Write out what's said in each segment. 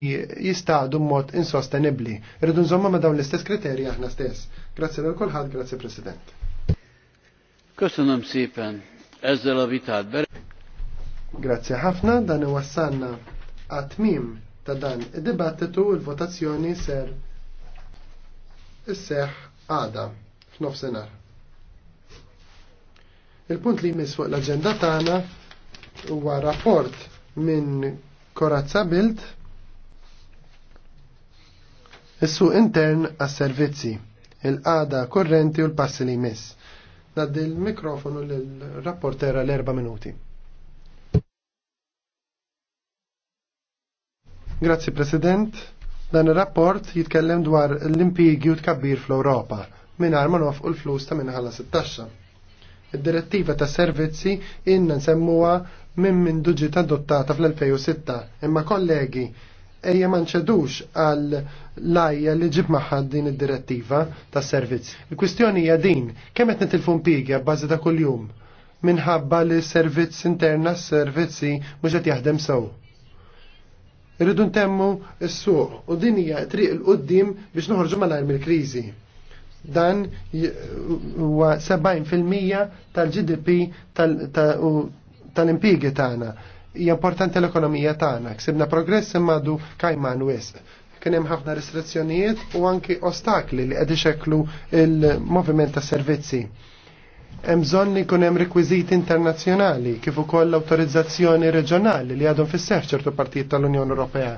jistaqdu mod insostenibli. Rridu nżomma ma dawn l-istess kriterji aħna stess. Grazzi lil kulħadd, grazzi President. Köszönöm sipen, ezzel a ber. Grazzi ħafna, dan wassanna għatmim ta' dan id-dibattitu il-votazzjoni ser isseħ għada senar. Il-punt li jmiss fuq l-agenda tagħna huwa rapport minn Korazza Bild Issu intern għas servizzi il-qada korrenti u l-passi li jmiss. Naddi l-mikrofonu l-rapportera l-erba minuti. Grazzi President. Dan il-rapport jitkellem dwar l-impigi u tkabbir fl-Europa minn armanof u l-flus ta' minnħalla 16. Id-direttiva ta' servizzi inna nsemmuha minn minn duġi ta' adottata fl-2006 imma kollegi ejja ma nċedux għal lajja li ġib maħad din id-direttiva ta' servizz. Il-kwistjoni hija din, kemm qed nitilfu mpigi bbażi ta' kuljum minħabba li servizz interna s-servizzi mhux qed jaħdem sew. Irridu ntemmu s-suq u din hija triq il qoddim biex noħorġu malajr mill-kriżi. Dan huwa 70% tal-GDP tal-impigi tagħna hija importanti l-ekonomija tagħna. Ksibna progress imma du kajman wisq. Kien hemm ħafna restrizzjonijiet u anki ostakli li qed ixekklu il-moviment ta' servizzi. Hemm bżonn li jkun hemm rekwiżiti internazzjonali kif ukoll l-awtorizzazzjoni reġjonali li għadhom fis-seħħ ċertu partijiet tal-Unjoni Ewropea.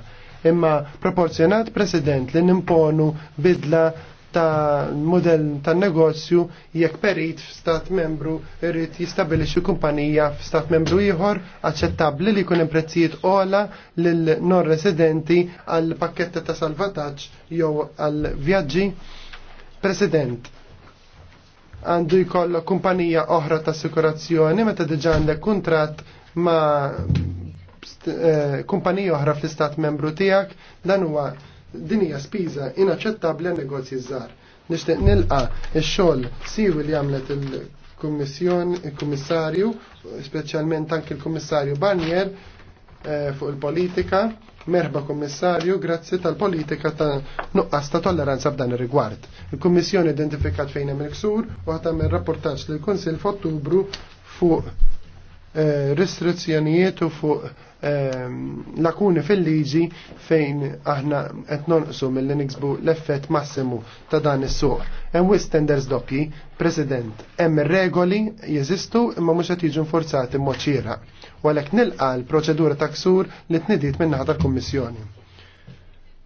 Imma proporzjonat President li nimponu bidla ta' model ta' negozju jekk perit f'stat membru irrid jistabilixxi kumpanija f'stat membru ieħor aċċettabbli li jkun hemm prezzijiet ola lil non residenti għal pakketta ta' salvataġġ jew għal vjaġġi. President, għandu jkollok kumpanija oħra ta' assikurazzjoni meta diġà għandek kuntratt ma' eh, kumpanija oħra fl-istat membru tiegħek dan huwa din hija spiża inaċċettabbli għan negozji żgħar. Nixtieq nilqa il xogħol siwi li għamlet il-Kummissjon, il-Kummissarju, speċjalment anki il-Kummissarju Barnier eh, fuq il-politika. Merba kommissarju grazzi tal-politika ta' nuqqas ta' tolleranza f'dan ir-rigward. Il-Kummissjoni identifikat fejn hemm il-ksur u ħadd tagħmel rapportaġġ lill-Kunsill f'Ottubru fuq eh, restrizzjonijiet u fuq Ehm, lakuni fil-liġi fejn aħna qed nonqsu mill bu l-effett massimu ta' dan is-suq. Hemm wis tenders doppji, President, hemm regoli jeżistu imma mhux qed jiġu nforzati mod xieraq. Walek nilqa l-proċedura ta' ksur li tnidiet minnaħa tal-Kummissjoni.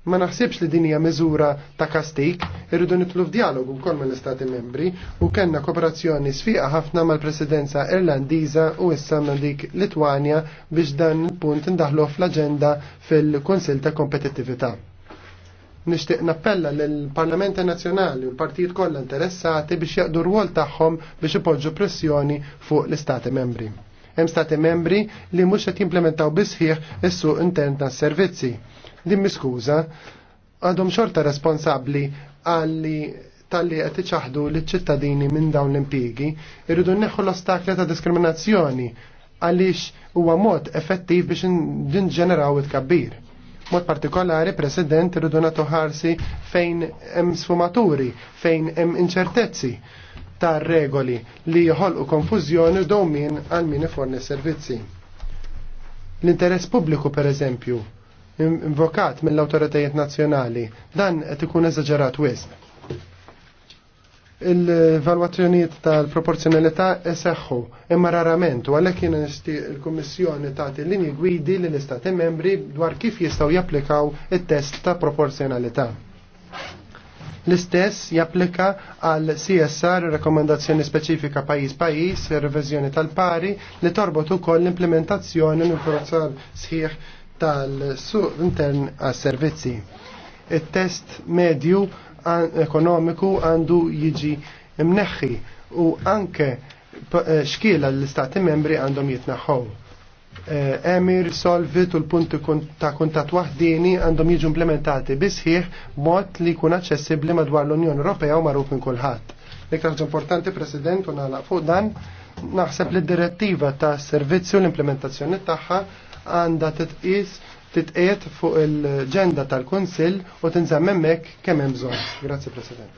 Ma naħsibx li din hija miżura ta' kastik, irridu nitlu f'dialogu wkoll mill istati membri u kellna kooperazzjoni sfiqa ħafna mal-Presidenza Irlandiża u issa minn dik Litwanja biex dan il-punt indaħlu fl-aġenda fil-Kunsil ta' Kompetittività. Nixtieq nappella lill parlamenti Nazzjonali u l-partijiet kollha interessati biex jaqdu rwol tagħhom biex ipoġġu pressjoni fuq l-Istati membri. Hemm stati membri li mhux qed jimplementaw bisħiħ is-suq intern tas-servizzi din miskuża għadhom xorta responsabbli għalli tal-li qed iċaħdu liċ-ċittadini minn dawn l-impjiegi, irridu nneħħu l-ostakli ta' diskriminazzjoni għaliex huwa mod effettiv biex ġeneraw it-kabbir. Mod partikolari, President, irridu nagħtu ħarsi fejn hemm sfumaturi, fejn hemm inċertezzi tar regoli li jħolqu konfużjoni domin għal min iforni servizzi. L-interess pubbliku, per eżempju, invokat mill-autoritajiet nazzjonali. Dan qed ikun eżaġerat wisq. Il-valwazzjonijiet tal-proporzjonalità eseħħu imma rarament u għalhekk jiena nixtieq il-Kummissjoni tagħti linji gwidi lill istati membri dwar kif jistgħu japplikaw it-test ta' proporzjonalità. L-istess japplika għal CSR rekomendazzjoni speċifika pajis pajis, revizjoni tal-pari li torbot ukoll l-implementazzjoni u l-forzar sħiħ tal-suq intern għas-servizzi. Il-test medju ekonomiku għandu jiġi mneħħi u anke eh, xkiela l-istati membri għandhom jitnaħħu. Eh, Emir, Solvit u l-punti ta' kuntat wahdini għandhom jiġu implementati bisħiħ mod li jkun aċċessibbli madwar l-Unjoni Ewropea u magħruf minn kulħadd. L-iktar importanti, President, u nagħlaq fuq dan, naħseb li d-direttiva ta' servizzi u l-implementazzjoni tagħha għanda titqis titqiet fuq il-ġenda tal-Kunsill u tinżamm hemmhekk kemm hemm bżonn. Grazzi President.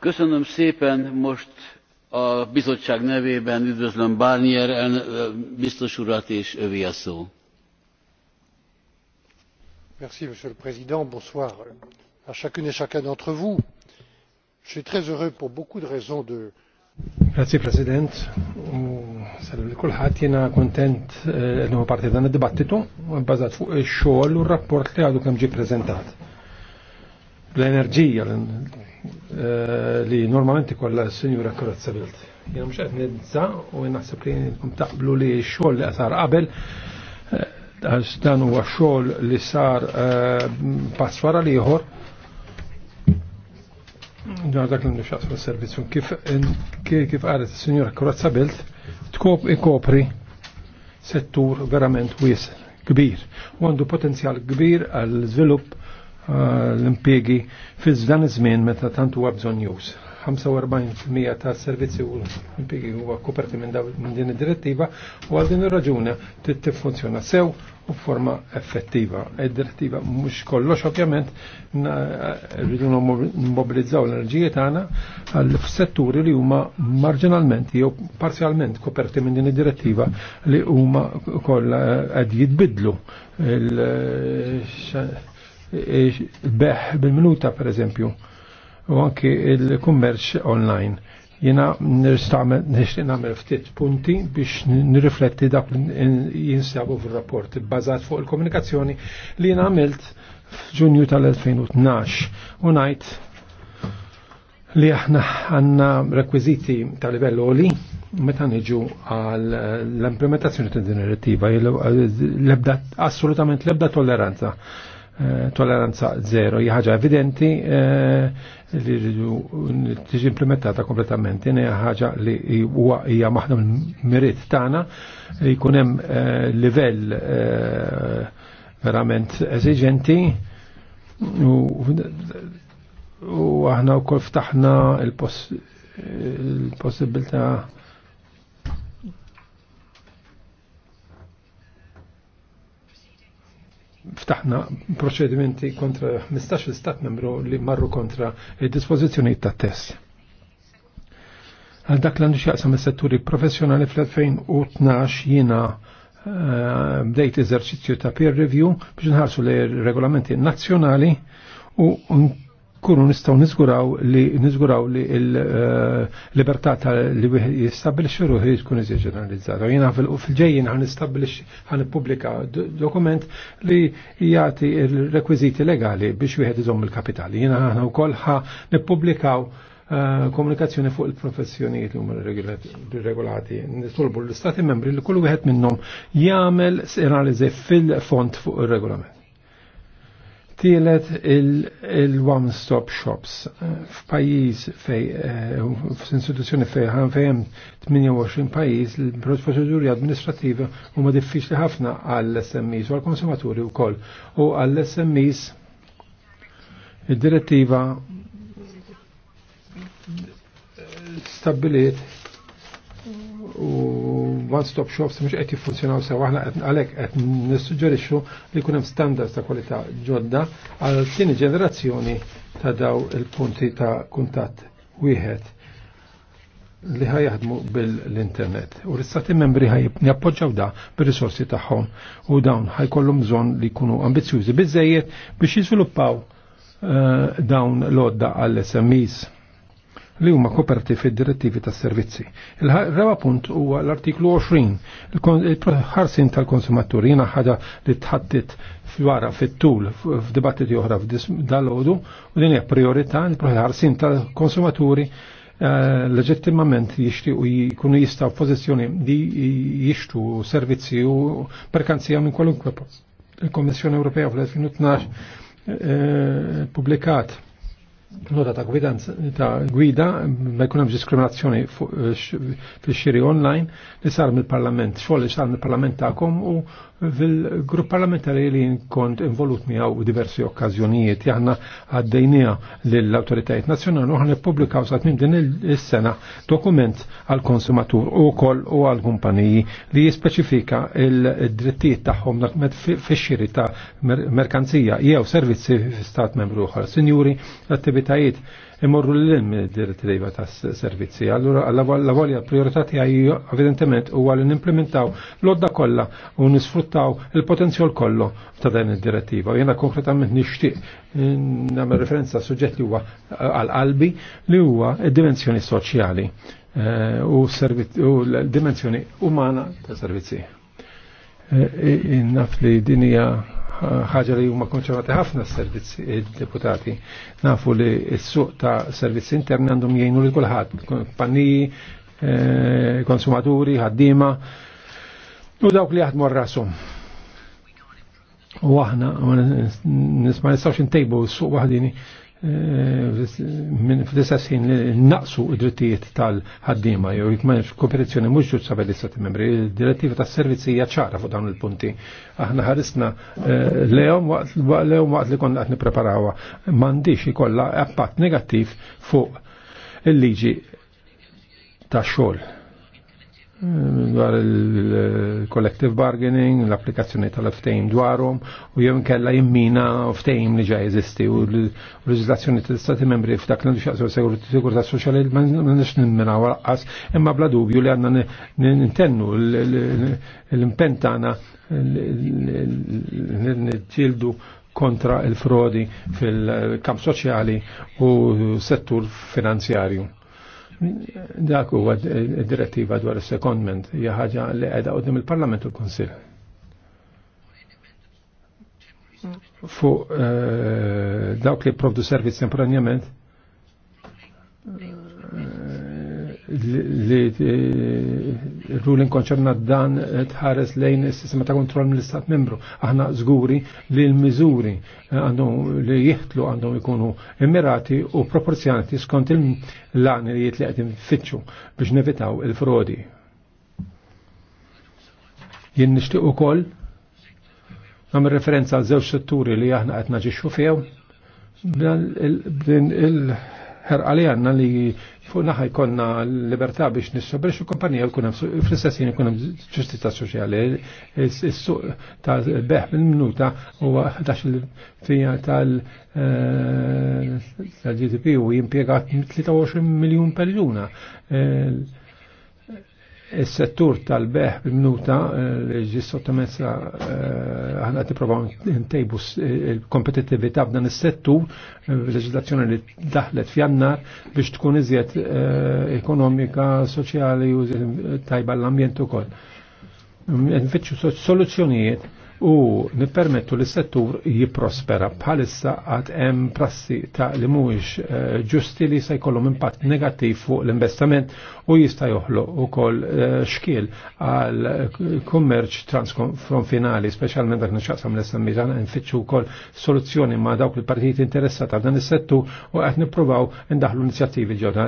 Köszönöm szépen, most a bizottság nevében üdvözlöm Barnier biztos urat és övi a szó. Merci, Monsieur le Président. Bonsoir à chacune et chacun d'entre vous. Je suis très heureux pour beaucoup de raisons de Grazie President, salu li jena kontent eh, l numma parti dan il-dibattitu, bazzat fuq il-xol u rapport li għadu kem ġi prezentat. L-enerġija eh, li normalment kolla s-senjura kurazza Bilt. Jena mux għet nidza u naħseb li nkom taqblu li xol li għasar qabel, dan u xol li sar eh, pass li jħor, Ġa dak li nixaqs fil-servizzu kif kif qalet is-Sinjora Kurazza Belt tkop ikopri settur verament wies kbir u għandu potenzjal kbir għal żvilupp l-impjegi fi żdan iż-żmien meta tantu huwa bżonn juża. 45% ta' servizzi u l-impigi huwa koperti minn min din id-direttiva u għal din ir-raġuna trid tiffunzjona sew u forma effettiva. Id-direttiva mhux kollox ovvjament rridu nimmobilizzaw l-enerġija tagħna għal setturi li huma marginalment jew parzjalment koperti minn din id-direttiva li huma kollha qed jitbidlu il-beħ bil-minuta per eżempju u anki il-kummerċ online. Jena nishtiq nagħmel ftit punti biex nirrifletti dak jinsabu fir-rapport bbażat fuq il-komunikazzjoni li jena għamilt f'Ġunju tal-2012 u ngħid li aħna għanna rekwiziti ta' livell oli meta niġu għall implementazzjoni ta' din direttiva l-ebda assolutament l-ebda tolleranza Eh, toleranza zero, ħaġa evidenti eh, li tiġi implementata kompletament. Hija ħaġa li hija maħna mill-mirit tagħna li jkun hemm eh, livell verament eżiġenti u aħna wkoll ftaħna il-possibilità ftaħna proċedimenti kontra 15 stat membru li marru kontra il-dispozizjoni ta' test. Għal dak l-għandu xaqsam il-setturi professjonali fl-2012 jina eh, bdejt eżerċizzju ta' peer review biex nħarsu l regolamenti nazzjonali u kunu nistaw nizguraw li nizguraw li l-libertà eh, ta' li wieħed jistabbilixxi ruħi tkun iżjed ġeneralizzata. Jiena fil-ġejjin ħan nistabbilix ħan publika dokument li jagħti il rekwiżiti legali biex wieħed iżomm il-kapitali. Jiena aħna wkoll ħa nippubblikaw eh, komunikazzjoni fuq il-professjonijiet li huma regolati. Nitolbu l istati membri li kull wieħed minnhom jagħmel analiżi fil-font fuq ir-regolament. Tielet il-one stop shops f'pajjiż fej eh, f'istituzzjoni fej ħan fejem 28 pajjiż il-proċeduri amministrativi huma diffiċli ħafna għall smis u għall-konsumaturi wkoll u għall smis id-direttiva stabiliet u one-stop shops mhux qed jiffunzjonaw sew aħna għalhekk qed nissuġġerixxu li jkun hemm standards ta' kwalità ġodda għal tieni ġenerazzjoni ta' daw il-punti ta' kuntatt wieħed li ħaj jaħdmu bil-internet. U l-istati membri ħaj jappoġġaw da bil-risorsi tagħhom u dawn ħaj kollum bżonn li jkunu ambizjużi bizzejiet biex jiżviluppaw eh, dawn l-odda għall-SMEs li huma koperti fid-direttivi tas-servizzi. il Il-ħ-raba punt huwa l-artiklu 20, il-ħarsin tal-konsumatur jiena ħaġa li tħaddit wara fit-tul f'dibattiti oħra dal ħodu u din hija priorità il-ħarsin tal-konsumaturi eh, leġittimament jixtiequ jkunu jista' pozizjoni di jishtu servizzi u perkanzija minn kwalunkwe. Il-Kommissjoni Ewropea fl-2012 eh, eh, pubblikat nota ta' gwida, ta' gwida ma' jkun hemm diskriminazzjoni eh, fil-xiri online li sar mill-Parlament, xogħol li sar mill-Parlament tagħkom u Fil-grupp parlamentari li kont involut miegħu diversi okkażjonijiet jaħna għaddejnija lill-awtoritajiet nazzjonali u ħan ippubblikaw sa tmiem din is-sena dokument għal konsumatur u wkoll u għal kumpaniji li jispeċifika l-drittijiet tagħhom naqmet fix-xiri ta' merkanzija jew servizzi fi stat membru oħra. Sinjuri, l-attivitajiet imorru l-ilm direttiva ta' servizzi. Allora, la volja priorità għaj, evidentement u għal n-implementaw l-odda kolla u nisfruttaw il-potenzjol kollu ta' dan il direttiva Jena konkretament nishtiq eh, nagħmel referenza suġġett li huwa eh, għal-qalbi li huwa id-dimensjoni soċjali eh, u l-dimensjoni umana ta' servizzi. Innaf li dinija ħaġa li huma konċervati ħafna s-servizzi il-deputati. Nafu li s-suq ta' servizzi interni għandhom jgħinu li kulħadd, panniji, eh, konsumaturi, ħaddiema, u dawk li jaħdmu rashom. U aħna nisma' nistgħux intejbu s-suq waħdini minn fl-istessin li naqsu id-drittijiet tal-ħaddima jew jekk m'hemmx kooperazzjoni mhux ġud sabel l-istati membri. id direttiva tas-servizzi hija ċara fuq dawn il-punti. Aħna ħarisna eh, lehom lehom waqt li konna qed nippreparawha m'għandix ikollha impatt negattiv fuq il-liġi tax-xogħol dwar il-collective bargaining, l-applikazzjoni tal-ftejm dwarhom u jew inkella jimmina ftejm li ġa jeżisti u l-leġislazzjoni tal-Stati membri f'dak li xaqsu sigurtà soċjali ma nix nimmina waraqqas imma bla dubju li għandna nintennu l-impenn tagħna kontra il-frodi fil-kamp soċjali u settur finanzjarju. Dak huwa direttiva dwar is secondment hija ħaġa li qiegħda qudiem il-Parlament u l-Kunsill. Fuq eh, dawk li provdu servizz temporanjament li eh, ruling konċernat dan eh, tħares lejn is-sistema ta' kontroll mill-Istat membru. Aħna żguri li l-miżuri eh, għandhom li jihtlu għandhom ikunu immirati u proporzjonati skont il-lan li għedin fitxu biex nevitaw il-frodi. Jien nixtieq ukoll għam referenza għal żewġ setturi li aħna qed naġixxu fihom il ħerqa li għanna li fuq naħa jkonna libertà biex nissobrex u kompanija jkun hemm fl-istess jien jkun hemm ġustizza soċjali. Is-suq ta' beħ mill-minuta huwa ħdax fija eh, tal-GDP u jimpjegat 23 miljun per juna. Eh, Is-settur tal-beħ bil-minuta eh, li ġi sottomessa eh, ħana n ntejbu eh, il kompetitivita b'dan is-settur l-leġizlazzjoni li daħlet f'jannar biex tkun iżjed ekonomika, soċjali u tajba l-ambjent ukoll. Mhmm, nfittxu soluzzjonijiet u nippermettu li settur jiprospera bħalissa għad hemm prassi ta' li mhuwiex eh, ġusti li se jkollhom impatt negattiv fuq l-investament u jista' u koll eh, xkiel għal kummerċ finali, speċjalment dak nċaqsam l-SMI tagħna nfittxu wkoll soluzzjoni ma' dawk il-partijiet interessata f'dan is-settur u qed nippruvaw indaħlu inizjattivi ġodda.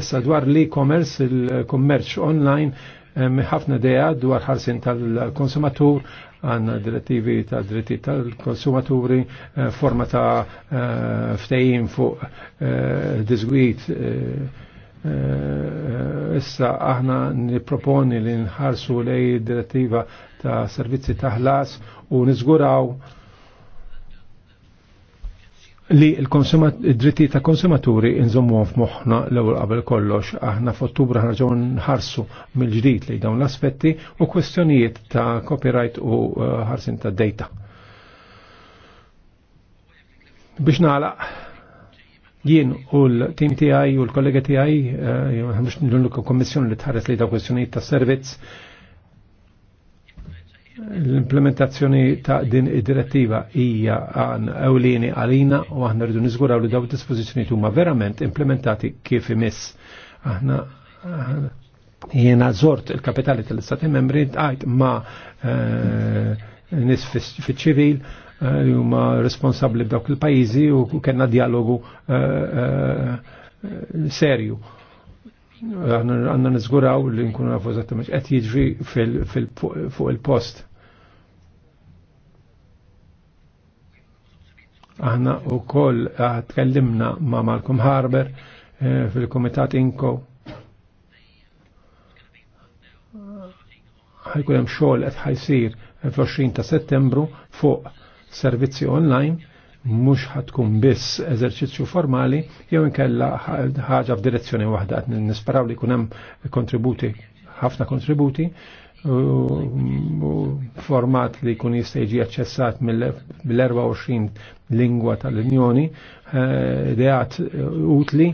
Issa dwar l-e-commerce, il-kummerċ online ħafna deja dwar ħarsin tal-konsumatur għanna direttivi ta' dritti tal-konsumaturi, eh, forma ta' eh, ftejim fuq eh, dizgwit. issa aħna niproponi li nħarsu lej direttiva ta' servizzi ta' ħlas u nizguraw li id-dritti ta' konsumaturi nżommu f'moħħna l-ewwel qabel kollox aħna f'Ottubru ħarġu nħarsu mill-ġdid li dawn l-aspetti u kwestjonijiet ta' copyright u uh, ħarsin ta' data. Biex nagħlaq jien u l-tim tiegħi u l-kollega tiegħi, mhux uh, l-kommissjoni li tħares li ta' kwestjonijiet ta' servizz L-implementazzjoni ta' din id-direttiva hija għan ewlieni għalina u aħna rridu niżguraw li daw dispożizzjoni huma verament implementati kif imiss. Aħna jiena zort il-kapitali tal-istati membri għajt ma eh, nis fiċ-ċivil eh, li huma responsabbli b'dawk il-pajjiżi u kellna dialogu eh, serju għanna nizguraw li nkunu nafu eżattament qed jiġri fuq il-post. Aħna u koll eh, tkellimna ma' Malcolm Harber eh, fil-Komitat Inko. Ħajkun hemm xogħol qed ħajsir fl-20 ta' Settembru fuq servizzi online mhux ħatkun biss eżerċizzju formali jew inkella ħaġa f'direzzjoni waħda qed nisperaw li jkun hemm kontributi ħafna kontributi format li kun jista' jiġi aċċessat mill-24 lingwa tal-Unjoni, eh, ideat utli,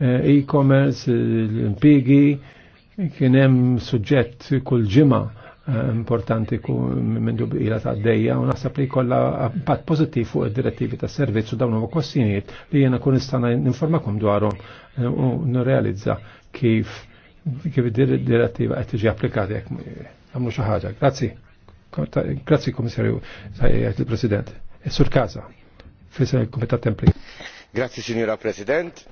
eh, e-commerce, l-impigi, kien hemm suġġett kull ġimgħa importanti ku minn dubila ta' d-dejja u nasab li kolla pat pozittiv fuq id-direttivi ta' servizzu dawn eh, u kossinijiet li jena kun istana informakum dwarom u n-realizza kif kif direttiva qed tiġi applikata jekk għamlu xaħġa. Grazzi. Grazzi Komissarju għet il-President. Eh, Sur Kaza, fisa il komitat Templi. Grazzi Signora President.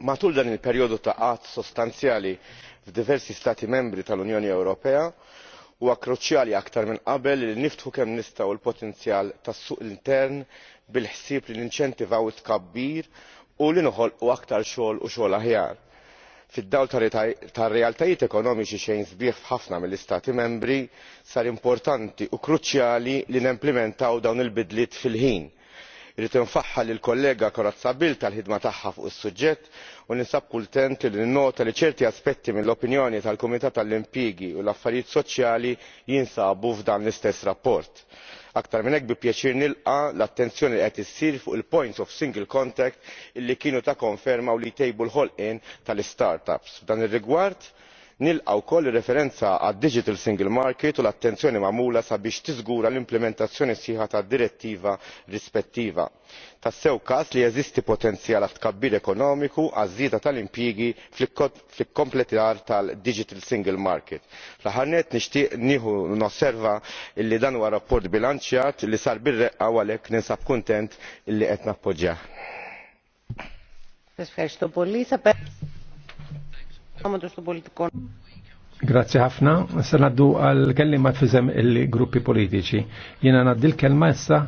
Matul dan il periodu ta' għad sostanzjali f'diversi stati membri tal-Unjoni Ewropea, huwa kruċjali aktar minn qabel li niftħu kemm nistgħu l-potenzjal tas-suq intern bil ħsieb li ninċentivaw it tkabbir u li noħolqu aktar xogħol u xogħol aħjar. fid dawl tar-realtajiet ekonomiċi xejn sbieħ f'ħafna mill-istati membri sar importanti u kruċjali li nimplementaw dawn il bidliet fil ħin Irrid infaħħal lill-kollega Corazza Bildt tal-ħidma tagħha fuq is-suġġett u ninsab kuntent li ninnota li ċerti aspetti mill-opinjoni tal-Kumitat tal-Impjiegi u l-Affarijiet Soċjali jinsabu f'dan l-istess rapport. Aktar minn hekk bi pjaċir nilqa l-attenzjoni li qed issir fuq il-points of single contact illi kienu ta' konferma u li jtejbu l-ħolqien tal-istartups. F'dan ir-rigward nilqa' wkoll ir-referenza għad-digital single market u l-attenzjoni magħmula sabiex tiżgura l-implementazzjoni sħiħa tad-direttiva rispettiva. tassew każ li jeżisti potenzjal għal tkabbir ekonomiku għaż-żieda tal-impjiegi fl kompletar tal-digital single market. fl-aħħar nett nixtieq nieħu nosserva li dan huwa rapport bilanċjat li sar bir-reqqa u għalhekk ninsab kuntent illi qed nappoġġjah. Grazie ħafna. Se naddu għal kellimat fizem il-gruppi politiċi. Jena naddi l-kelma issa,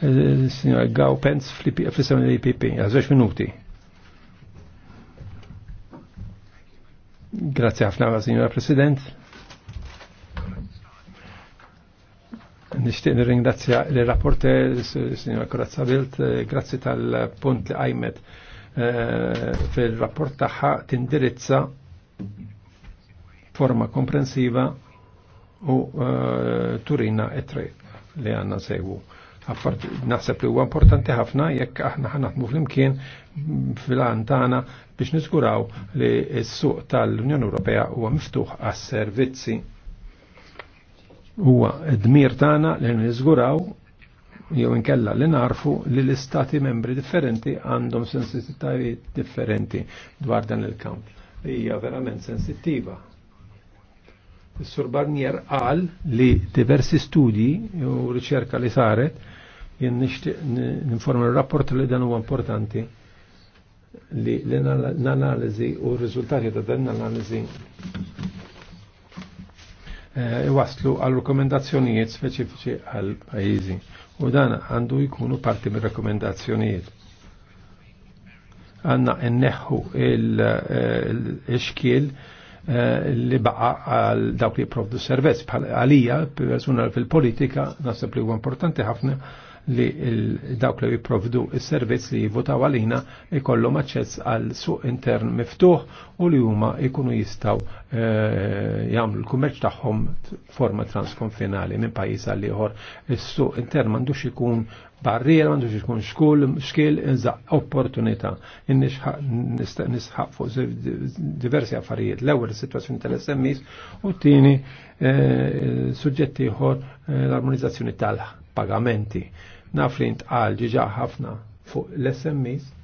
eh, signor Gaw Pence, fizem l-IPP, għazwex minuti. Grazie ħafna, signora President. Nishtiq nirringrazzja l-rapporter, signora Corazza Bilt, grazzi tal-punt li għajmet eh, fil-rapport taħħa tindirizza forma komprensiva u eh, turina etre li għanna segwu. Għaffart, naħseb li huwa importanti ħafna jekk aħna ħanaħdmu fl-imkien fil-għantana biex niżguraw li s-suq tal-Unjoni Ewropea huwa miftuħ għas-servizzi. Huwa d-dmir tagħna li niżguraw jew inkella li narfu li l-istati membri differenti għandhom sensittivi differenti dwar dan il-kamp. Hija verament sensittiva. Sur Barnier għal li diversi studi u riċerka li saret jien n ninforma l-rapport li dan huwa importanti li l analizi u r-riżultati ta' dan l-analiżi eh, waslu għal rekomendazzjonijiet speċifiċi għal pajizi u dan għandu jkunu parti mir rekomendazzjonijiet għanna inneħu eh, il-xkiel il, il, il, Eh, li baqa għal dawk li provdu servizz bħal għalija persuna fil-politika nasab li huwa importanti ħafna li dawk li jiprovdu is-servizz li jivvotaw għalina ikollhom aċċess għal suq intern miftuħ u li huma jkunu jistgħu eh, jagħmlu l-kummerċ tagħhom forma transkonfinali minn pajjiż għal ieħor. Is-suq intern m'għandux ikun barriera xie kun xkul xkil inza opportunità. Nisħaq fuq diversi affarijiet. l ewel situazzjoni tal sms u t tini eh, suġġetti ieħor eh, l-armonizzazzjoni tal-pagamenti. Naf li ntqal ġiġa ħafna fuq l sms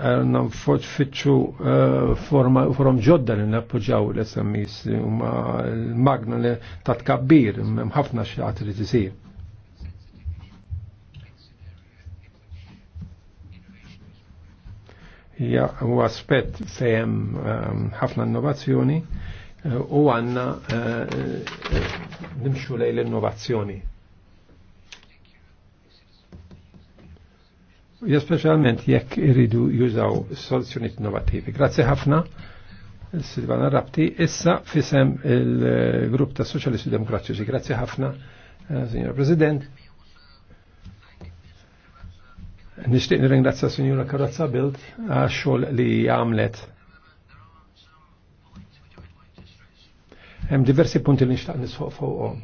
nfot fitxu eh, forum ġodda li nappoġġaw l-SMIs u l-magna li ta' kabbir mħafna xaħat li tisir. Ja, u aspet fejem ehm, ħafna innovazzjoni eh, u għanna eh, nimxu lej l-innovazzjoni. Ja specialment jekk iridu jużaw soluzzjoniet innovativi. Grazie ħafna, Silvana Rapti. Issa fisem il-grupp ta' Socialisti Demokratiċi. Grazie ħafna, eh, Signor President. Nishtiq nirringrazzja Signora Karazza Bild għaxol li għamlet. Hemm diversi punti li nixtaq nisħoq fuqhom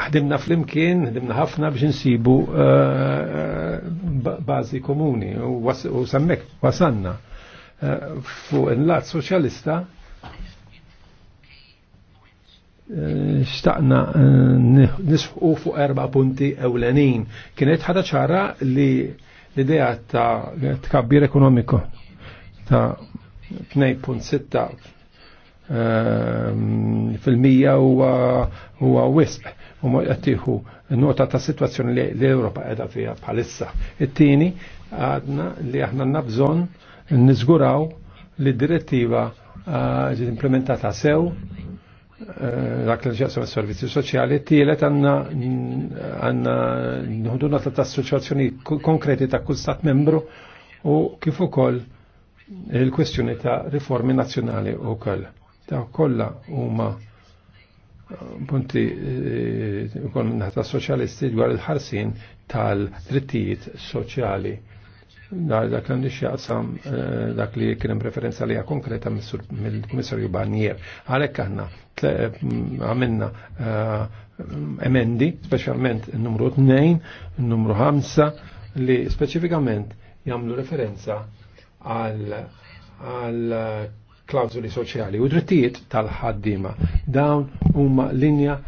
ħdimna fl-imkien, ħdimna ħafna biex nsibu eh, eh, bazi komuni u semmek wasanna eh, fuq l lat soċjalista xtaqna nisħu fuq erba punti ewlenin. Kienet ħada ċara li l-idea ta' tkabbir ekonomiku ta' 2.6 Ehm, fil-mija huwa wisq u ma jattiħu nota ta' situazzjoni li l-Europa edha fija bħalissa. It-tieni għadna li aħna nabżon nizguraw li direttiva eh, ġiet implementata sew eh, dak li ġasem servizzi soċjali, tielet għanna għanna nħudu nota ta' assoċjazzjoni konkreti ta' kull stat membru u kif ukoll il-kwestjoni ta' riformi nazzjonali u koll Daw kolla huma eh, punti ukoll eh, ta' soċjalisti dwar il-ħarsin tal-drittijiet soċjali dak li nixjaqsam eh, dak li hemm referenza li konkreta mill kummissarju Barnier. Għalhekk aħna mm, għamilna emendi, n numru 2, numru 5, li speċifikament jagħmlu referenza għal klawzuli soċjali u drittijiet tal-ħaddima. Dawn huma linja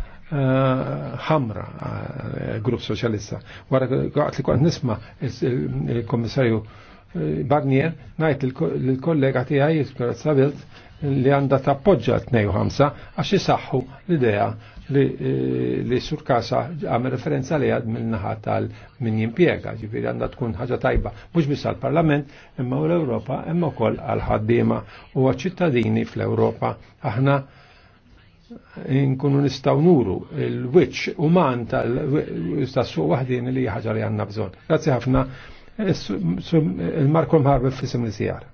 ħamra uh, uh, grupp soċjalista. Wara għat li kont nisma' il-Kommissarju Barnier najt l kollega tiegħi Jiskura Savilt li għandha tappoġġa t-2 għax isaħħu l-idea li e, surkasa għam referenza li għad mill-naħa tal min jimpiega, ġifiri għanda tkun ħaġa tajba, mux bis għal-parlament, imma u l-Europa, imma u koll għal-ħaddima u għal-ċittadini fl-Europa. Aħna nkunu nistaw nuru il u uman tal istassu wahdin li ħaġa li għanna bżon. Grazie ħafna il-Marko Mħarbi fissim li sijar.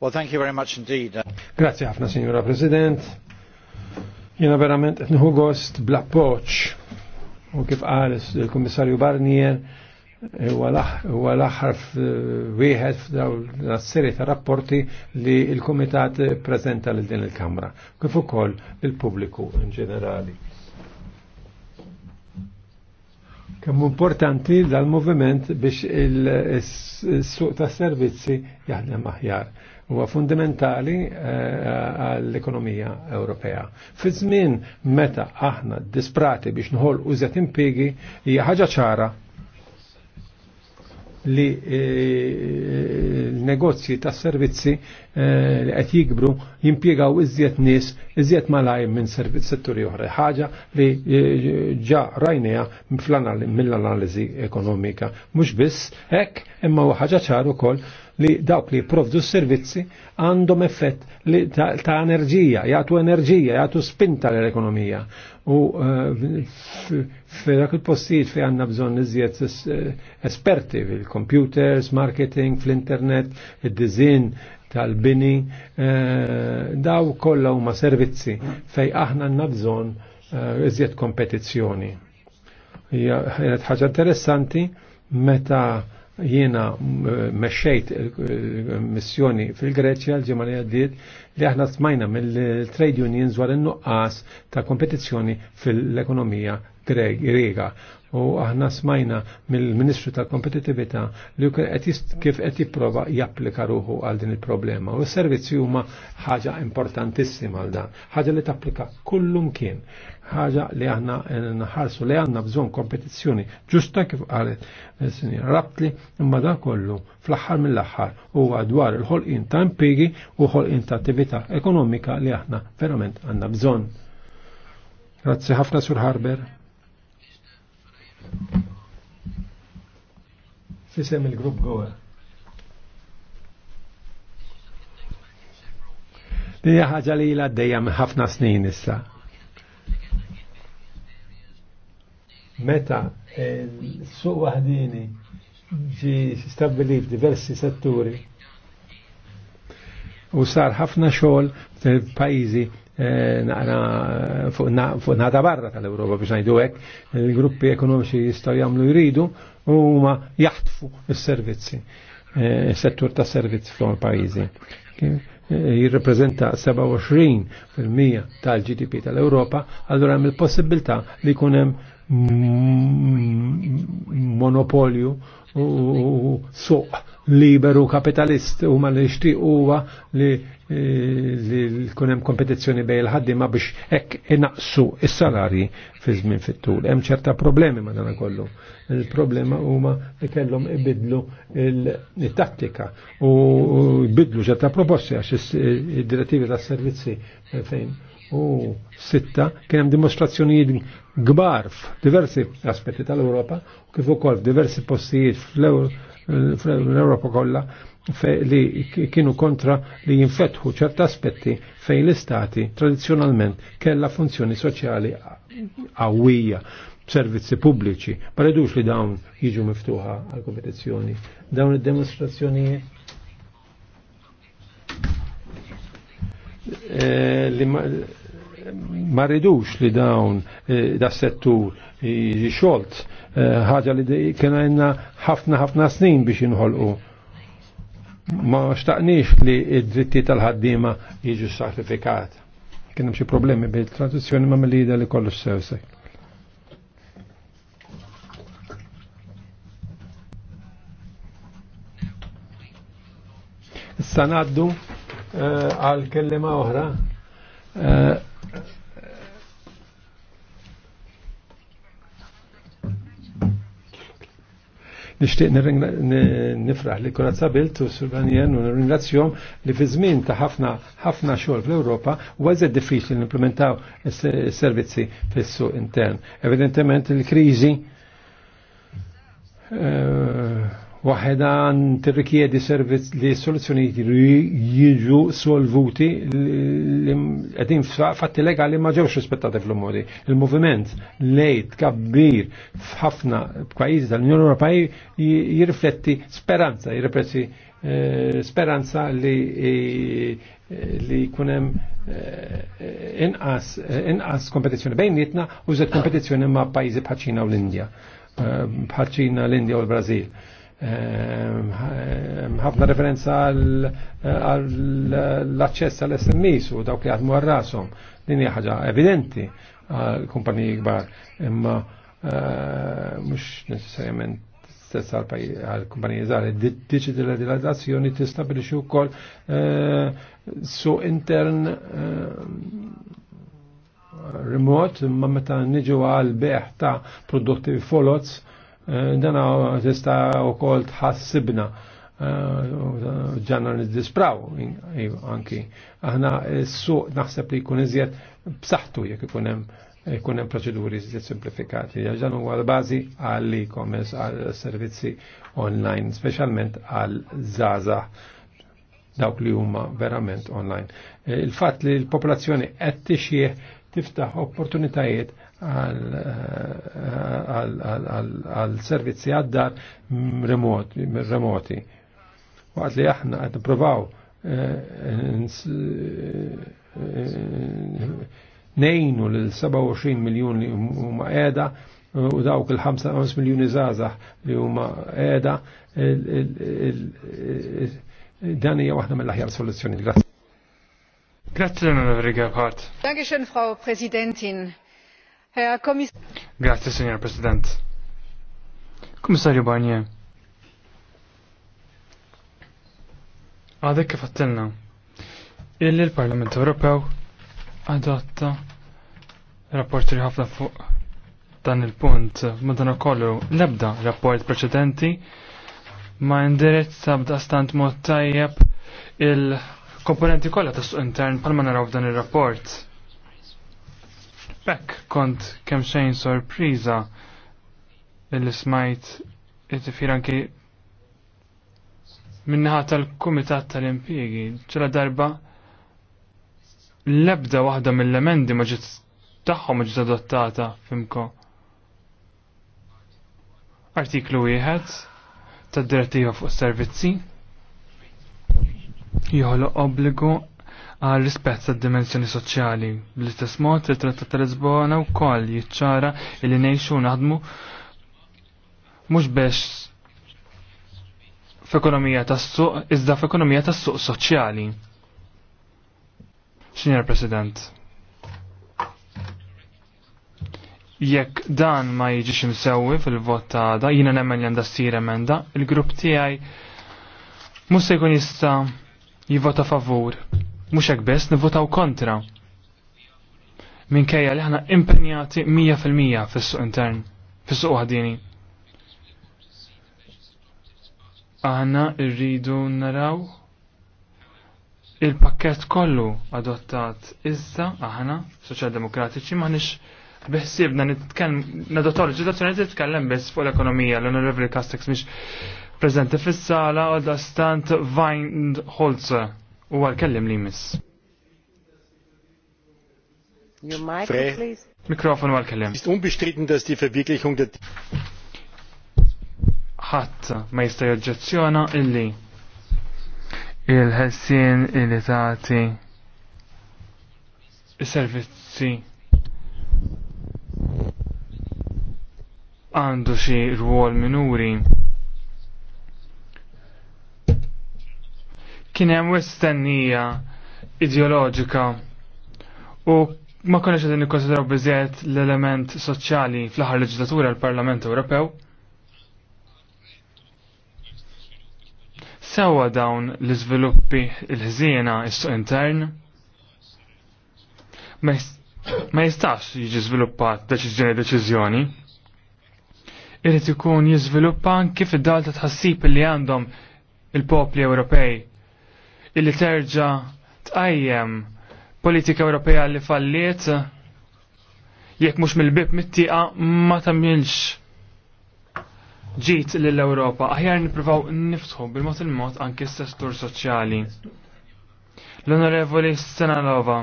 Well, thank you very much indeed. Grazie għafna, Signora President. Jena verament etnħu għost bla poċ u kif qal il-Kummissarju Barnier u huwa l f wieħed f'daw serje ta' rapporti li il-Komitat prezenta l din il-Kamra, kif u koll il-Publiku in ġenerali. kemm importanti dal-moviment biex il-suq ta' servizzi jaħdem aħjar. Huwa fundamentali eh, għall-ekonomija Ewropea. Fi żmien meta aħna disprati biex nħol użet impigi hija ħaġa ċara li eh, l-negozji ta' servizzi Eh, li qed jikbru jimpjegaw iżjed nies iżjed malajr minn setturi oħra. Ħaġa li eh, ġa rajnija mill-analiżi ekonomika. Mhux biss hekk imma ħaġa ċar ukoll li dawk li jipprovdu s-servizzi għandhom effett li ta', ta enerġija, jgħatu enerġija, jgħatu spinta l-ekonomija. U eh, f'dak il-postijiet fej għanna bżon iżjed esperti fil-computers, marketing, fl-internet, id-dizin, tal-bini, eh, daw kollha huma servizzi fej aħna nabżon eh, iżjed kompetizzjoni. Hija ħaġa interessanti meta jiena eh, mexxejt missjoni fil-Greċja l-ġimgħa li għaddiet li aħna smajna mill-trade unions dwar in-nuqqas ta' kompetizzjoni fil-ekonomija Grega U aħna smajna mill-Ministru tal-Kompetitività li kif qed jipprova japplika ruħu għal din il-problema. U s-servizzi huma ħaġa importantissima għal dan, ħaġa li tapplika kullum kien, ħaġa li aħna nħarsu li għandna bżonn kompetizzjoni ġusta kif qalet sinjor Rabtli, imma da kollu fl-aħħar mill-aħħar huwa dwar il-ħolqien ta' impigi u ħolqien ta' attività ekonomika li aħna verament għandna bżonn. Grazzi ħafna Sur Harber. Fisem il-grupp Goa. Dija ħaġa li la dejja ħafna snin issa. Meta suq waħdini ġi stabili f'diversi setturi u sar ħafna xogħol f'pajjiżi Eh, naqra fuq nata barra tal-Europa biex ngħidu hekk, il-gruppi ekonomiċi jistgħu jagħmlu jridu huma jaħtfu s-servizzi, eh, settur ta' servizzi fl pajjiżi. Eh, jirrepreżenta 27% tal-GDP tal-Europa, allura hemm il-possibilità li jkun hemm monopolju u suq liberu kapitalist u ma li huwa li e, l-kunem kompetizzjoni bej l ma biex ek inaqsu il-salari fi żmien fit-tul. Hemm ċerta problemi ma dan kollu. Il-problema huma li kellhom ibidlu il-tattika u jbidlu ċerta proposti għax id-direttivi tas-servizzi fejn u sitta kien hemm dimostrazzjonijiet kbar f'diversi aspetti tal-Ewropa u kif ukoll f'diversi postijiet fl-Ewropa kollha li kienu kontra li jinfetħu ċerta aspetti fejn l-istati tradizzjonalment kella funzjoni soċjali qawwija servizzi pubbliċi. paredux li dawn jiġu miftuħa għal kompetizzjoni. Dawn id-demonstrazzjonijiet Eh, li ma ridux li dawn eh, da settur xolt eh, ħaġa li kena jenna ħafna ħafna snin biex inħolqu. Ma xtaqnix li id-dritti tal-ħaddima jiġu sakrifikat. kena bċi problemi bil tranzizjoni ma mill-lida li kollox sewsek. Issa Eh, għal kellima oħra. Eh, nishtiq nifraħ li kuna sabilt u surbanjen u n-ringrazzjom li fi żmien ta' ħafna ħafna xogħol fl-Ewropa huwa eżed diffiċli nimplementaw is-servizzi fis-suq intern. Evidentement il-kriżi eh, Waħda tirrikjedi servizz li soluzzjonijiet jiġu solvuti li qegħdin fatti legali ma ġewx rispettati fl-modi. Il-moviment lejt kabbir f'ħafna pajjiżi tal-Unjoni Ewropea jirrifletti speranza, jirrifletti eh, speranza li eh, li kunem eh, inqas inqas kompetizzjoni bejnietna u żed kompetizzjoni ma' pajjiżi bħal u l-Indja, bħaċ l-Indja u l-Brażil ħafna referenza għall access għall-SMIs u dawk li għadmu għarrasom. Dini hija evidenti għal-kumpaniji kbar, imma eh, mux necessarjament stess għal kumpaniji zaħar, digitalizzazzjoni tistabilixi u kol eh, su intern eh, remote, ma meta nġu għal beħ ta' produkti folots Dana tista u kol tħassibna eh, ġanna niddispraw iva, anki. Aħna s-suq naħseb li jkun iżjed b'saħħtu jekk ikun hemm hemm proċeduri iżjed simplifikati. ġanna u għal bazi għall e-commerce għal servizzi online, specialment għal zaza dawk li huma verament online. Eh, il-fatt li l-popolazzjoni qed tixjih tiftaħ opportunitajiet għal servizzi għaddar remoti. Waqt li aħna għad provaw eh, eh, nejnu l-27 miljon li huma għeda u dawk il-5 miljoni zazax li huma għeda dan hija waħda mill-aħjar soluzzjoni. Grazie. Grazie, Frau Präsidentin. Grazie, signor President. Commissario Barnier. Għadek kif għattilna illi l-Parlament Ewropew adotta rapporti li ħafna fuq dan il-punt madan kollu lebda rapport preċedenti ma indirizza b'dastant mod tajjeb il-komponenti kollha tas-suq intern palma naraw f'dan ir-rapport. Bekk kont kemm xejn sorpriża illi smajt it-tifir anki minnaħat tal-Kumitat tal-Impjegi ċela darba l-ebda waħda mill-emendi ma ġiet tagħhom ma ġiet adottata fimko. Artiklu wieħed tad-direttiva fuq servizzi joħloq obbligu għal rispett tad dimensjoni soċjali. Bl-istess mod, il-Trattat ta' Lisbona wkoll jiċċara li ngħixu naħdmu mhux biex f'ekonomija tas-suq iżda f'ekonomija tas-suq soċjali. Signor President, jekk dan ma jiġix imsewwi fil-vot ta' għada, jina nemmen jenda s sir emenda, il-grupp tiegħi mhux se jkun jista' jivvota favur Mhux hekk biss nivvotaw kontra. Minkejja li aħna impenjati 100% fis-suq intern, fis-suq waħdini. Aħna rridu naraw il-pakket kollu adottat issa aħna soċjaldemokratiċi m'aħniex Beħsibna nitkellem, nadottaw l-ġudazzjoni titkellem biss fuq l-ekonomija, l-Onorevoli Castex miex prezenti fis-sala u da Vine u għal-kellim li miss. Mikrofon għal-kellim. Ist unbestritten, dass di Verwirklichung det. Ħadd ma jista' joġġezzjona illi il ħessin illi tagħti is-servizzi għandu xi rwol minuri kien hemm westennija ideoloġika u ma konniex qegħdin nikkonsidraw biżjed l-element soċjali fl-aħħar leġislatura l-Parlament Ewropew. Sewa dawn l-iżviluppi l-ħżiena is-suq intern ma jistax jiġi żviluppat deċiżjoni deċiżjoni. Irid ikun jiżviluppa kif fid dalta tħassib li għandhom il-popli Ewropej illi terġa tqajjem politika Ewropea li falliet jekk mhux mill-bib mittieqa ma tagħmilx ġit lill-Ewropa. Aħjar nippruvaw niftħu bil-mod il-mod anke s-settur soċjali. L-Onorevoli Senalova.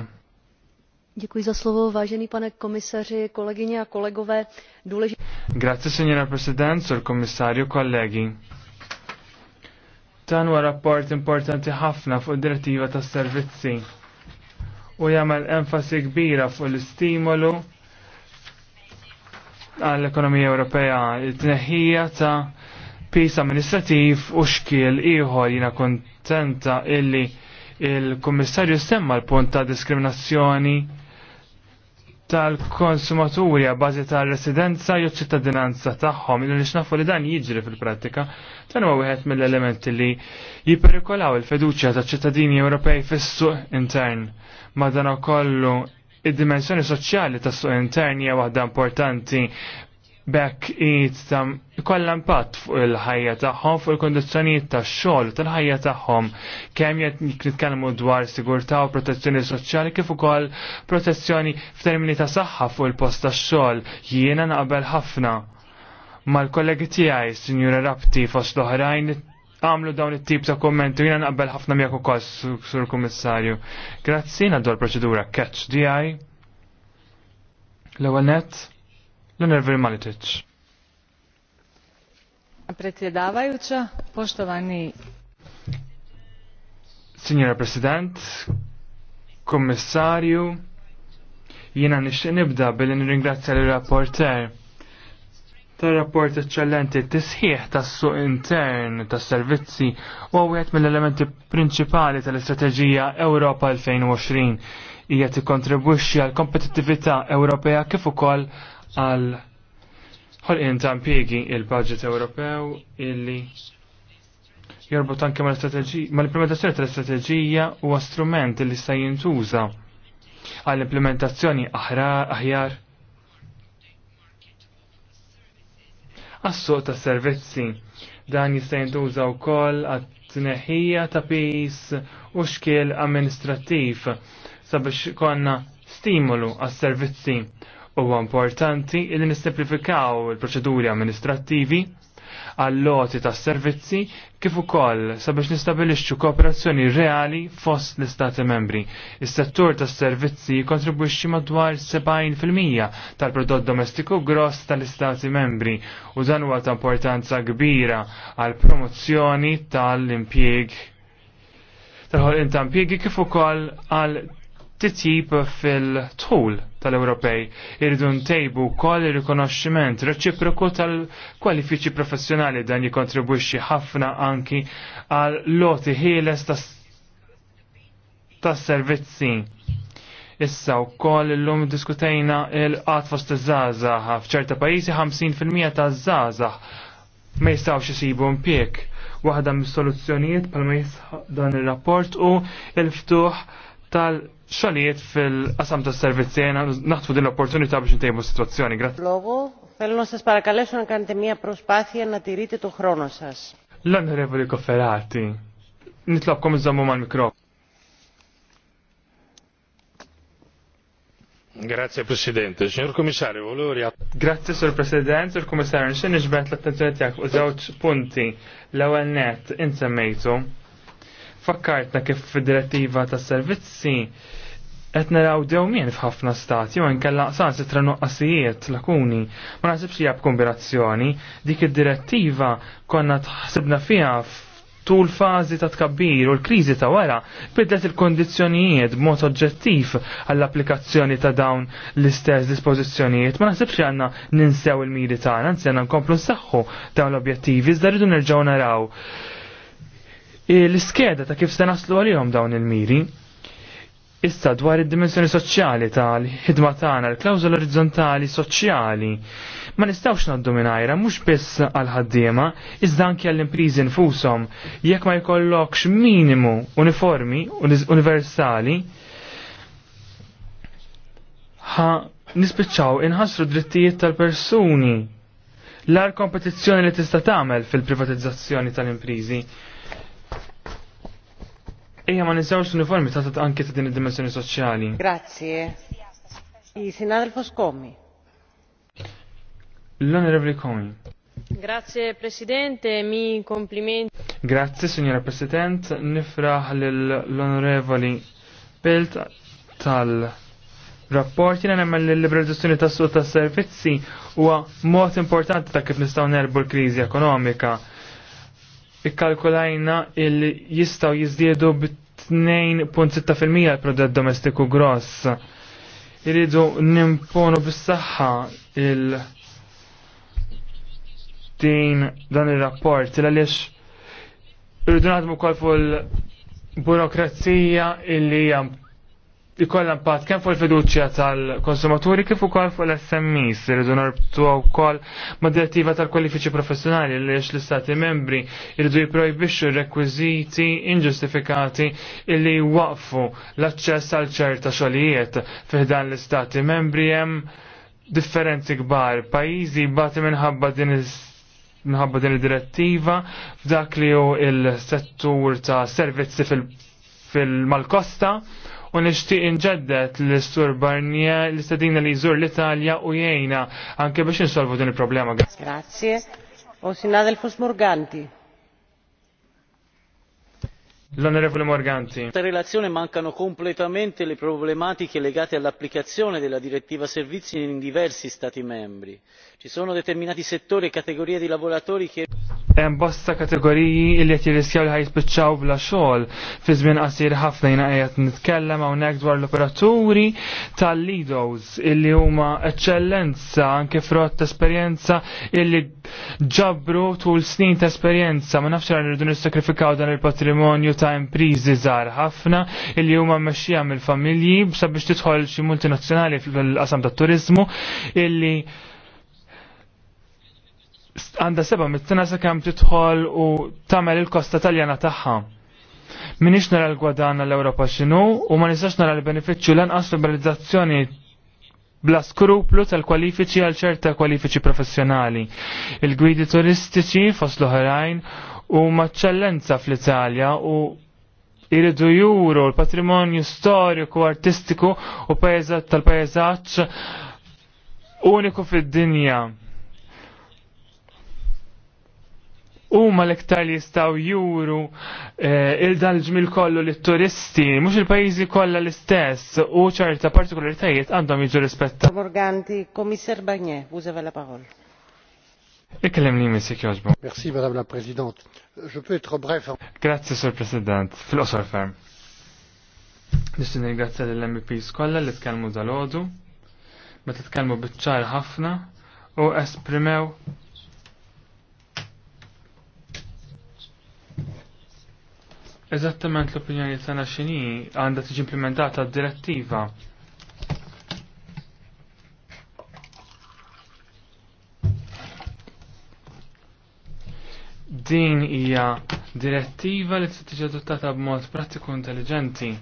Děkuji za slovo, vážený pane komisaři, kolegyně a kolegové. Důležitý... Grazie, signora president, sur komisario, kolegi. Dan huwa rapport importanti ħafna fuq id-direttiva tas-servizzi u jagħmel enfasi kbira fuq l-istimolu għall-ekonomija Ewropea, it-tneħħija ta' pis amministrativ u xkiel ieħor jiena kontenta illi il-Kummissarju semma l-punt ta' diskriminazzjoni tal-konsumaturi bażi tal-residenza jew ċittadinanza tagħhom li nafu li dan jiġri fil-prattika dan huwa wieħed mill-elementi li jipperikolaw il-fiduċja taċ-ċittadini Ewropej fis-suq intern. Madankollu kollu id-dimensjoni soċjali tas-suq intern hija waħda importanti bekk tam kollan impatt fuq il-ħajja tagħhom, fuq il-kondizzjonijiet tax-xogħol tal-ħajja tagħhom kemm qed nitkellmu dwar sigurtà u protezzjoni soċjali kif ukoll protezzjoni f'termini ta' saħħa fuq il-post tax-xogħol jiena naqbel ħafna. Mal-kollegi tiegħi, Sinjura Rabti fost l-oħrajn għamlu dawn it-tip ta' kommenti jiena naqbel ħafna miegħek ukoll sur Kummissarju. Grazzi dwar l-proċedura catch DI. L-ewwel net l Malitic. Maletic. Predsjedavajuća, poštovani... Signora President, Kommissarju, jiena nixtieq nibda billi nirringrazzja l rapporter tar-rapport eċċellenti tisħiħ tas-suq intern tas-servizzi u wieħed mill-elementi prinċipali tal-Istrateġija Ewropa 2020 hija tikkontribwixxi għall kompetittività Ewropea kif ukoll għal ħolqien ta' impjiegi il-budget Ewropew illi jorbot anke mal-implementazzjoni tal-istrateġija huwa strument li se jintuża għall implementazzjoni aħjar għas-suq ta' servizzi. Dan jista' jintuża wkoll għat-tneħħija ta' pis u xkiel amministrattiv sabiex konna stimolu għas-servizzi Huwa importanti li nisimplifikaw il-proċeduri amministrattivi għall-loti ta' servizzi kif ukoll sabiex nistabilixxu kooperazzjoni reali fost l-Istati membri. Is-settur tas servizzi kontribwixxi madwar 70% tal-prodott domestiku gross tal-Istati membri u dan huwa ta' importanza kbira għal promozzjoni tal-impjieg tal-ħolqien tal impjiegi kif ukoll għal titjib fil-tħul tal-Ewropej. Irridu ntejbu wkoll ir-rikonoxximent reċiproku tal-kwalifiċi professjonali dan jikontribwixxi ħafna anki għal loti ħieles tas-servizzi. Issa u koll l-lum diskutejna il-qat fost zazah. żazax F'ċerta pajjiżi 50% ta' zazah ma jistgħux isibu impjek. Waħda mis-soluzzjonijiet palma dan ir-rapport u l-ftuħ tal-xogħlijiet fil-qasam tas-servizzi jena naħtfu din l-opportunità biex intejbu s-sitwazzjoni. Grazie. Θέλω να σας παρακαλέσω mija κάνετε μια προσπάθεια να τηρείτε το χρόνο kofferati L'onorevole Cofferati, nitlobkom iżammu mal mikro Grazie Presidente. Signor Commissario, volevo riattendere. Grazie Signor President, Signor Commissario, nxin iġbet l-attenzjoni tijak u zewċ punti l-ewel net insemmejtu Fakkartna kif fid-direttiva tas servizzi qed naraw dewmien f'ħafna stati u nkella saqs itra nuqqasijiet lakuni ma naħsibx hija kombinazzjoni dik id-direttiva konna tħsibna fiha tul fażi ta' tkabbir u l-kriżi ta' wara bidlet il-kondizzjonijiet b'mod oġġettiv għall-applikazzjoni ta' dawn l-istess dispożizzjonijiet ma naħsibx li għandna ninsew il-miri tagħna, anzi għandna nkomplu nsaħħu dawn l-objettivi iżda rridu nerġgħu naraw l-iskeda ta' kif se naslu għalihom dawn il-miri. Issa dwar id-dimensjoni soċjali tal-ħidma tagħna l-klawżol orizzontali soċjali ma nistgħux naddu mingħajra mhux biss għal ħaddiema iżda anke għall impriżi nfushom jekk ma jkollokx minimu uniformi universali ħa nispiċċaw inħassru drittijiet tal-persuni l-ar kompetizzjoni li tista' tagħmel fil-privatizzazzjoni tal-impriżi Ejja ma niżawx uniformi ta' ta' anke ta' din id-dimensjoni soċjali. Grazie. I sinadalfo Foscomi. L-Onorevoli Comi. Grazie Presidente, mi komplimenti. Grazie Signora President, nifraħ l-Onorevoli Pelt tal rapport jina nemmen l-liberalizzazzjoni tas suq tas servizzi huwa mod importanti ta' kif nistgħu nerbu l-kriżi ekonomika ikkalkulajna il jistaw jizdiedu b-2.6% l-prodott domestiku gross. Iridu nimponu bis-saħħa il- din dan il-rapport għaliex irridu naħdmu kol fuq il-burokrazija illi hija jkollha impatt kemm fuq il-fiduċja tal-konsumaturi kif ukoll fuq l-SMEs irridu norbtu wkoll ma' direttiva tal-kwalifiċi professjonali li l-istati membri irridu jipprojbixxu rekwiżiti inġustifikati illi waqfu l-aċċess għal ċerta xogħlijiet fiħdan l-istati membri hemm differenzi kbar. Pajjiżi bati minħabba din minħabba din id-direttiva f'dak li hu il-settur ta' servizzi fil-mal-kosta fil malkosta fil mal kosta u nixtieq inġeddet l-istur Barnier l-istadina li jżur l-Italja u jgħina anke biex insolvu din il-problema. Grazie. U sinadelfus Morganti. L'onorevole Morganti. In questa relazione mancano completamente le problematiche legate all'applicazione della direttiva servizi in diversi Stati membri. Ci sono determinati settori e categorie di lavoratori che hemm bosta kategoriji li qed jirriskjaw li ħajspiċċaw bla xogħol fi żmien qasir ħafna jiena qiegħed nitkellem hawnhekk dwar l-operaturi tal-Lidos illi huma eċċellenza anke frott esperjenza illi ġabru tul snin ta' esperjenza ma nafx rridu nissakrifikaw dan il-patrimonju ta' imprizi żgħar ħafna illi huma mmexxija mill-familji sabiex tidħol xi multinazzjonali fil-qasam tat-turiżmu illi għanda seba mit-sena sa kem titħol u tamel il-kosta taljana taħħa. Minix nara l-gwadana l-Europa xinu u ma nistax nara l-beneficju lanqas liberalizzazzjoni bla skruplu tal-kwalifiċi għal ċerta kwalifiċi professjonali. Il-gwidi turistiċi fost l-oħrajn u maċċellenza fl-Italja u iridu juru l-patrimonju storiku, artistiku u tal-pajzaċ uniku fid-dinja huma l-iktar li jistgħu juru eh, il-dalġmil kollu l turisti mhux il-pajjiżi kollha l-istess u ċerta partikolaritajiet għandhom jiġu rispetta. Morganti, Komissar Bagnè, użeva la parol. Ikkellem li Merci, Madame la Présidente. Je peux être bref. Grazie, Sir President. fil ferm. Nixti ringrazzja l-MPs kollha li tkellmu dal-għodu, meta tkellmu biċ-ċar ħafna u esprimew Eżattament l-opinjoni tagħna xini għandha tiġi implementata d-direttiva. Din hija direttiva li tista' tiġi adottata b'mod prattiku intelligenti.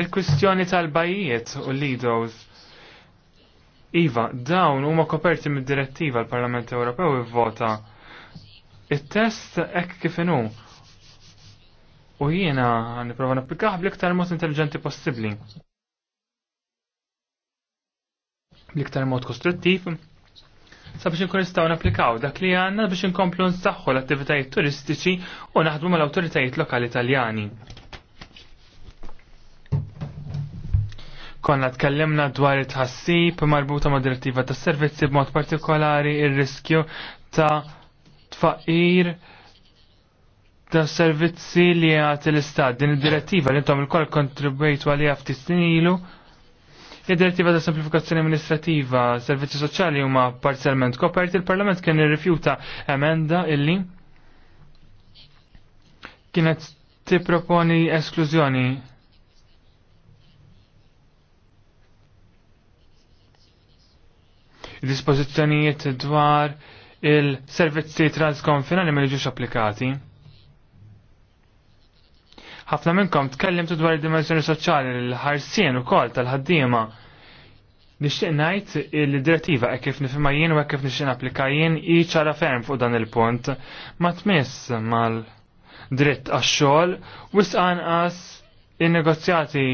Il-kwistjoni tal-bajiet u l-leadows Iva, dawn huma koperti mid-direttiva l-Parlament Ewropew ivvota Il-test ek kifinu u jiena niprofa napplikaħ bl-iktar mod intelligenti possibbli. bl mod kostruttiv sabiex nkun nistgħu napplikaw dak li għandna biex inkomplu nsaħħu l-attivitajiet turistiċi u naħdmu mal-awtoritajiet lokali Italjani. Konna tkellimna dwar it-ħassib marbuta ma' direttiva tas servizzi b'mod partikolari ir-riskju ta' faqir ta' servizzi li għat l-istat din il-direttiva li jintom il-koll kontribwejtu għalija ftit snilu. Id-direttiva ta' semplifikazzjoni amministrativa, servizzi soċjali huma parzialment kopert. il-Parlament kien irrifjuta emenda illi kienet tipproponi esklużjoni dispożizzjonijiet dwar il-servizzi transkonfinali ma jiġux applikati. Ħafna minnkom tkellimtu dwar id-dimensjoni soċjali l-ħarsien ukoll tal-ħaddiema. Nixtieq ngħid il-direttiva hekk kif nifhimha jien u hekk kif nixtieq applika jien i ċara ferm fuq dan il-punt ma tmiss mal-dritt għax-xogħol u sqanqas in-negozjati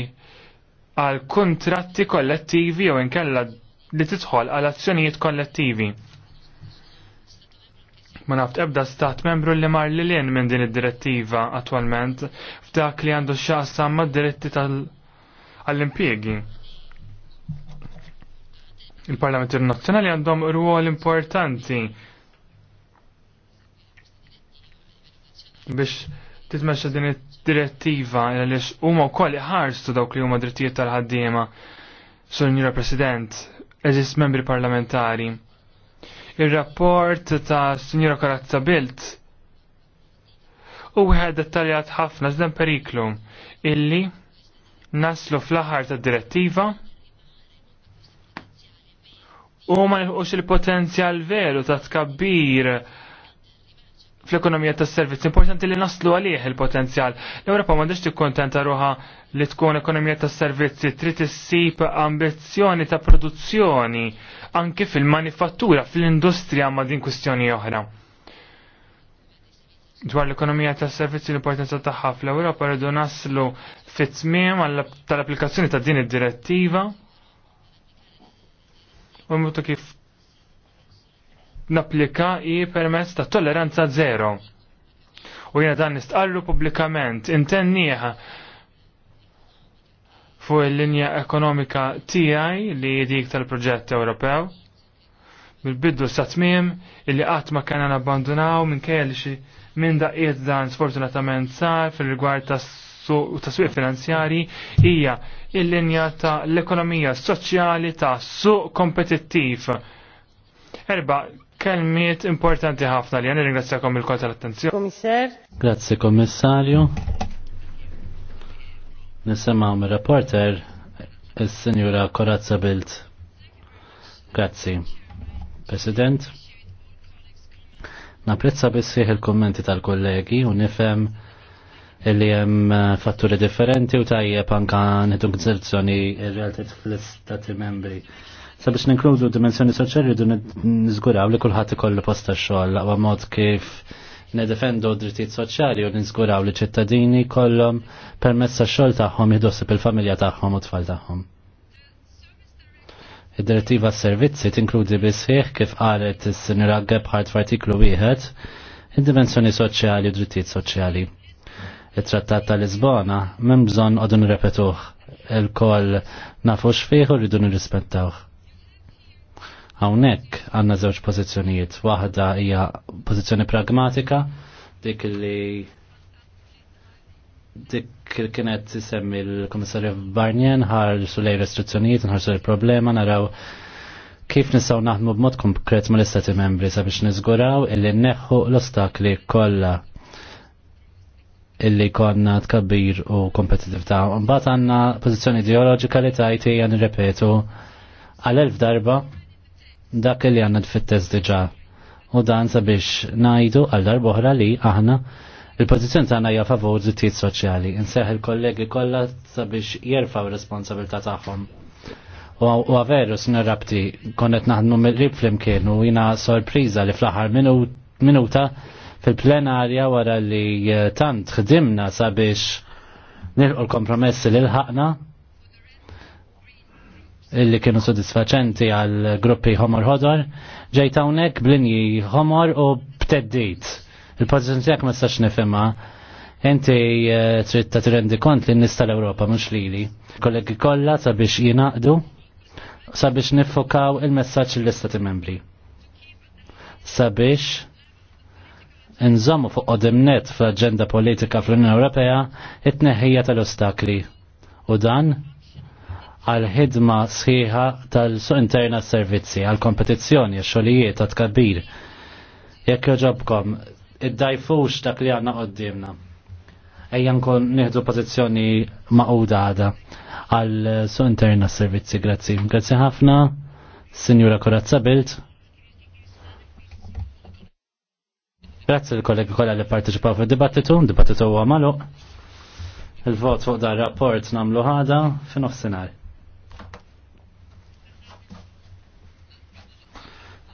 għal kontratti kollettivi u inkella li tidħol għal azzjonijiet kollettivi ma naft ebda stat membru li mar li lien minn din id-direttiva attualment f'dak li għandu xaqsam ma' diretti tal-impiegi. Il-Parlament Nazzjonali għandhom ruol importanti biex titmexxa din id-direttiva għaliex huma wkoll iħarstu dawk li huma drittijiet tal-ħaddiema. Sur President, eżist membri parlamentari Il-rapport ta' Signora Karazza Bilt u wieħed dettaljat ħafna żdan periklu illi naslu fl-aħħar ta' direttiva u ma nilħuqx il-potenzjal veru ta' tkabbir fl-ekonomija tas servizz Importanti li naslu għalih il-potenzjal. L-Ewropa m'għandix kontenta ruha li tkun ekonomija tas servizzi trid issib ambizzjoni ta' produzzjoni anke fil-manifattura, fil-industrija ma' din kwistjoni oħra. Dwar l-ekonomija tas servizzi l-importanza tagħha fl-Ewropa rridu naslu fit-tmiem tal-applikazzjoni ta' din id-direttiva u mutu kif napplika i permess ta' tolleranza zero. U jena dan nistqallu publikament, intennieħa fuq il-linja ekonomika tiegħi li dik tal-proġett Ewropew. Bil-biddu sa tmiem illi qatt ma kena nabbandunaw minn kelli xi minn daqiet dan sfortunatament sar fil-rigward tas taswiq finanzjari hija il-linja ta' l-ekonomija soċjali ta' suq kompetittiv. Erba' kelmiet importanti ħafna li għan ringrazzjakom il-kol tal-attenzjoni. Komissar. Grazzi komissarju. Nisemaw mir reporter il-senjura Korazza Bilt. Grazzi. President. Naprezza bissiħ il-kommenti tal-kollegi u nifem illi hemm fatturi differenti u tajjeb anka nħidu konsiderazzjoni ir-realtà fl-istati membri. Sabiex ninkludu dimensjoni soċjali rridu niżguraw li kulħadd ikollu posta xogħol laqwa mod kif nedefendu drittijiet soċjali u niżguraw li ċittadini kollhom permezz tax-xogħol tagħhom jidosib il-familja tagħhom u tfal tagħhom. Id-direttiva s-servizzi tinkludi fih kif qalet is-sinira Gebhardt f'artiklu wieħed id-dimensjoni soċjali u drittijiet soċjali. Il-Trattat tal-Lisbona minn bżonn għadu nirrepetuh il-koll nafux fih u rridu nirrispettawh. Hawnhekk għandna żewġ pożizzjonijiet. Waħda hija pożizzjoni pragmatika dik li dik li kienet semmi l-Komissarju Barnien ħarsu lej restrizzjonijiet, nħarsu su problema naraw kif nisaw naħdmu b'mod konkret ma l-istati membri sabiex nizguraw illi neħu l-ostakli kollha illi konna tkabbir u kompetitività. Mbagħad għandna pożizzjoni ideoloġika li tajti għan nirrepetu għal elf darba dak li għanna fit-test diġa. U dan sabiex najdu għal darboħra li aħna il-pozizjoni tagħna hija favur zittijiet soċjali. Nseħ il-kollegi kollha sabiex jerfaw responsabilità tagħhom. U għaveru sinna rabti konnet naħdmu mill-rib flimkien u jina sorpriża li fl-aħħar minuta fil-plenarja wara li eh, tant ħdimna sabiex nilqu l-kompromessi li l-ħakna illi kienu sodisfaċenti għal gruppi homor ħodor, ġejt hawnhekk blinji homor u bteddit. Il-pożizzjoni tiegħek ma stax nifhimha. Enti eh, trid ta' tirendi kont li nista l-Ewropa mhux lili. Kollegi kollha sabiex jinaqdu sabiex niffokaw il-messaġġ l-istati membri. Sabiex nżommu fuq qodimnet fl-aġenda politika fl-Unjoni Ewropea it-neħħija tal-ostakli. U dan għal ħidma sħiħa tal-suq interna servizzi, għal kompetizzjoni, xolijiet, għal kabir. Jekk joġobkom, id-dajfux dak li għanna għoddimna. Ejja kon nieħdu pożizzjoni maquda għada għal suq interna servizzi, grazzi. Grazzi ħafna, Sinjura Korazza Bilt. Grazzi l-kollegi kollha li parteċipaw fid-dibattitu, dibattitu huwa magħluq. Il-vot fuq dar rapport namlu ħada fin-nofsinhar.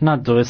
Naddu